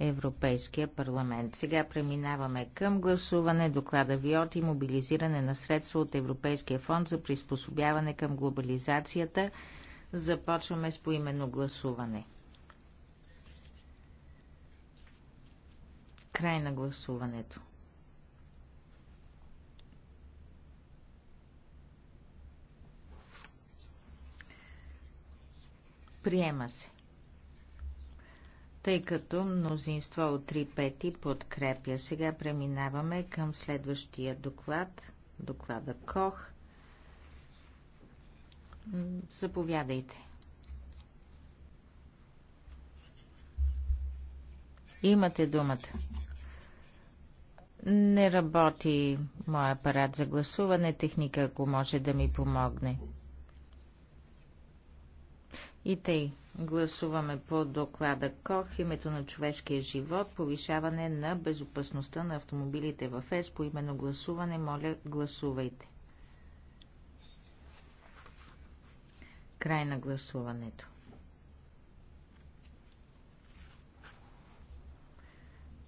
Европейския парламент. Сега преминаваме към гласуване доклада ВИОТ и мобилизиране на средства от Европейския фонд за приспособяване към глобализацията. Започваме с поименно гласуване. Край на гласуването. Приема се тъй като мнозинство от 3 пети подкрепя. Сега преминаваме към следващия доклад, доклада КОХ. Заповядайте. Имате думата. Не работи моя апарат за гласуване. Техника, ако може да ми помогне. И тъй, гласуваме по доклада КОХ, името на човешкия живот, повишаване на безопасността на автомобилите в ЕС, по именно гласуване, моля, гласувайте. Край на гласуването.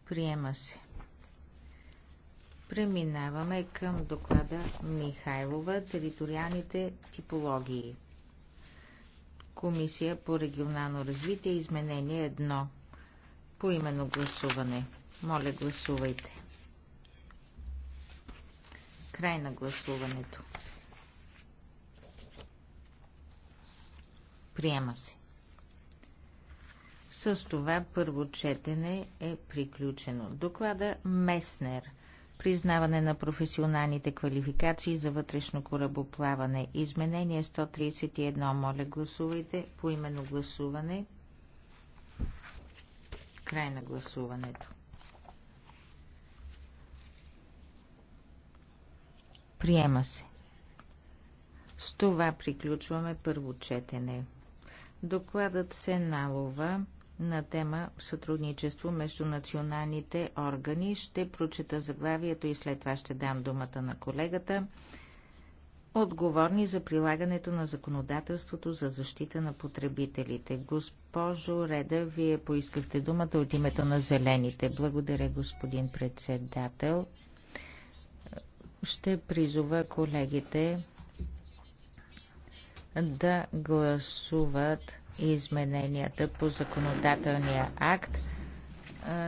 Приема се. Преминаваме към доклада Михайлова териториалните типологии. Комисия по регионално развитие. Изменение 1. По именно гласуване. Моля, гласувайте. Край на гласуването. Приема се. С това първо четене е приключено. Доклада Меснер признаване на професионалните квалификации за вътрешно корабоплаване. Изменение 131. Моля, гласувайте по именно гласуване. Край на гласуването. Приема се. С това приключваме първо четене. Докладът се налова на тема сътрудничество между националните органи. Ще прочета заглавието и след това ще дам думата на колегата. Отговорни за прилагането на законодателството за защита на потребителите. Госпожо Реда, вие поискахте думата от името на зелените. Благодаря, господин председател. Ще призова колегите да гласуват измененията по законодателния акт,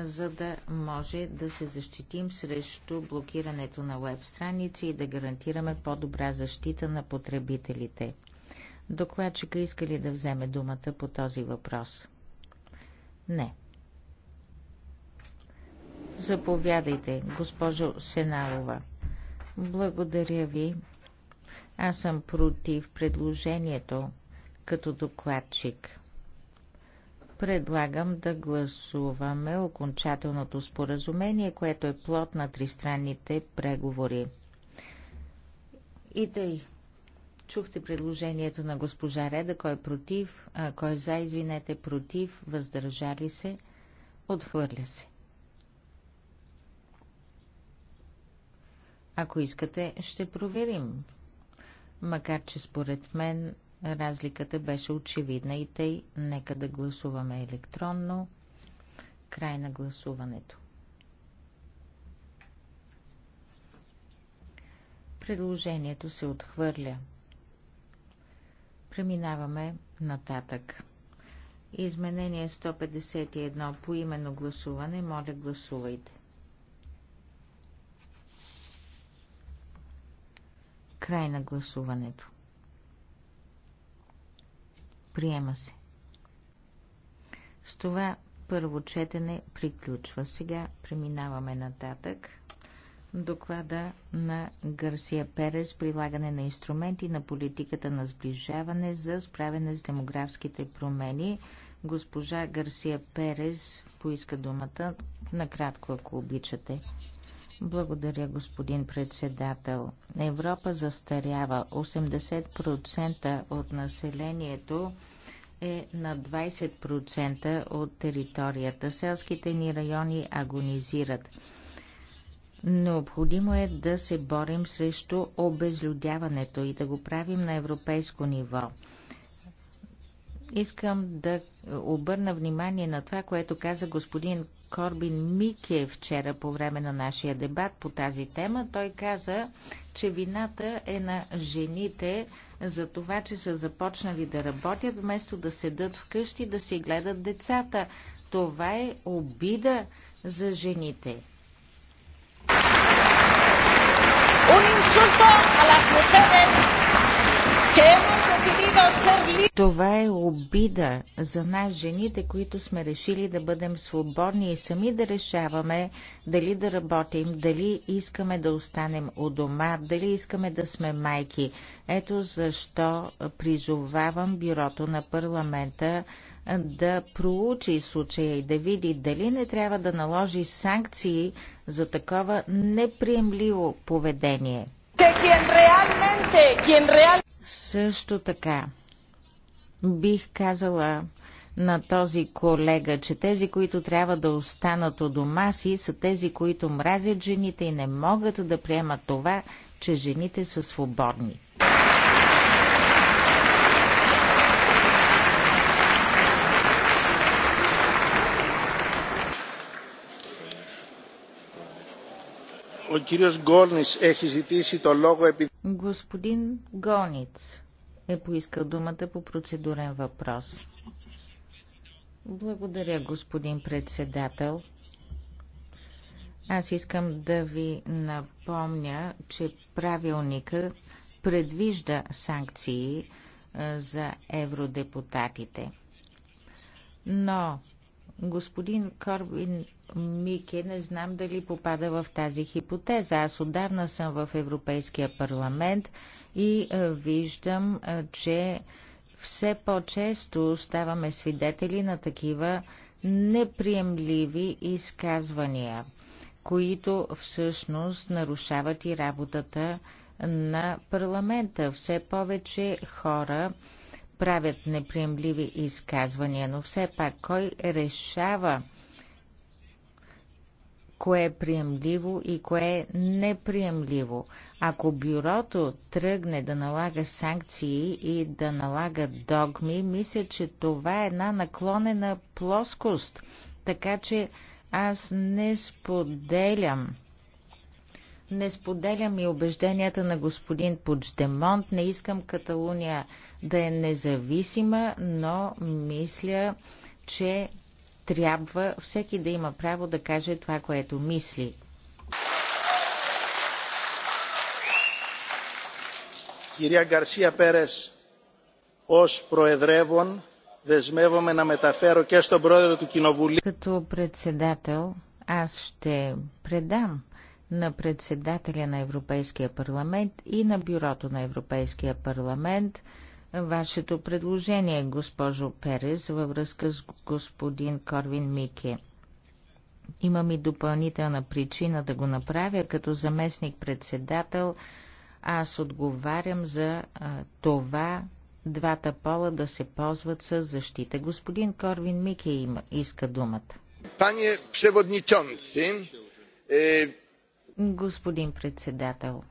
за да може да се защитим срещу блокирането на веб страници и да гарантираме по-добра защита на потребителите. Докладчика иска ли да вземе думата по този въпрос? Не. Заповядайте, госпожо Сеналова. Благодаря ви. Аз съм против предложението като докладчик. Предлагам да гласуваме окончателното споразумение, което е плод на тристранните преговори. И тъй. Чухте предложението на госпожа Реда, кой е против, а, кой е за, извинете, против, въздържали се, отхвърля се. Ако искате, ще проверим. Макар, че според мен Разликата беше очевидна и тъй. Нека да гласуваме електронно. Край на гласуването. Предложението се отхвърля. Преминаваме нататък. Изменение 151 по именно гласуване. Моля, гласувайте. Край на гласуването. Приема се. С това първо четене приключва. Сега преминаваме нататък. Доклада на Гарсия Перес прилагане на инструменти на политиката на сближаване за справяне с демографските промени. Госпожа Гарсия Перес поиска думата накратко, ако обичате. Благодаря, господин председател. Европа застарява. 80% от населението е на 20% от територията. Селските ни райони агонизират. Необходимо е да се борим срещу обезлюдяването и да го правим на европейско ниво. Искам да обърна внимание на това, което каза господин Корбин Мике вчера по време на нашия дебат по тази тема. Той каза, че вината е на жените за това, че са започнали да работят, вместо да седат вкъщи да си гледат децата. Това е обида за жените. Un insulto Това е обида за нас, жените, които сме решили да бъдем свободни и сами да решаваме дали да работим, дали искаме да останем у дома, дали искаме да сме майки. Ето защо призовавам бюрото на парламента да проучи случая и да види дали не трябва да наложи санкции за такова неприемливо поведение. Също така, Бих казала на този колега, че тези, които трябва да останат у дома си, са тези, които мразят жените и не могат да приемат това, че жените са свободни. Господин Горниц е поискал думата по процедурен въпрос. Благодаря, господин председател. Аз искам да ви напомня, че правилника предвижда санкции за евродепутатите. Но господин Корбин Мике, не знам дали попада в тази хипотеза. Аз отдавна съм в Европейския парламент и е, виждам, е, че все по-често ставаме свидетели на такива неприемливи изказвания, които всъщност нарушават и работата на парламента. Все повече хора правят неприемливи изказвания, но все пак кой решава кое е приемливо и кое е неприемливо. Ако бюрото тръгне да налага санкции и да налага догми, мисля, че това е една наклонена плоскост. Така че аз не споделям не споделям и убежденията на господин Пучдемонт. Не искам Каталуния да е независима, но мисля, че трябва всеки да има право да каже това, което мисли. Κυρία Γκαρσία Πέρες, ως Προεδρεύων δεσμεύομαι να μεταφέρω και στον Πρόεδρο του Κοινοβουλίου. Като председател, аз ще предам на председателя на Европейския парламент и на бюрото на Европейския парламент – вашето предложение, госпожо Перес, във връзка с господин Корвин Мике. Имам и допълнителна причина да го направя. Като заместник-председател аз отговарям за а, това двата пола да се ползват с защита. Господин Корвин Мике има, иска думата. Пане преводничонци... Е... Господин председател,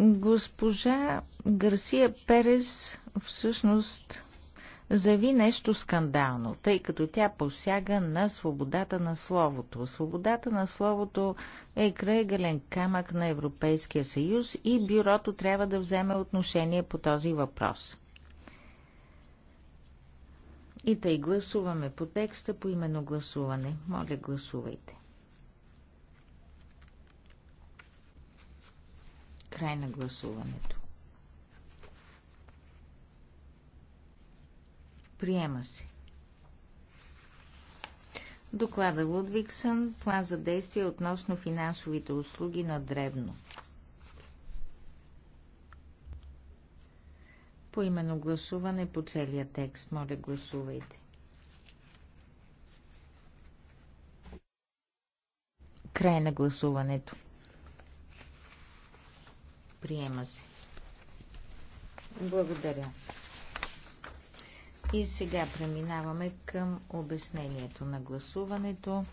Госпожа Гарсия Перес всъщност заяви нещо скандално, тъй като тя посяга на свободата на словото. Свободата на словото е крайгален камък на Европейския съюз и бюрото трябва да вземе отношение по този въпрос. И тъй гласуваме по текста по именно гласуване. Моля, гласувайте. Край на гласуването. Приема се. Доклада Лудвиксън, план за действие относно финансовите услуги на Дребно. Поименно гласуване по целия текст. Моля, гласувайте. Край на гласуването. Приема се. Благодаря. И сега преминаваме към обяснението на гласуването.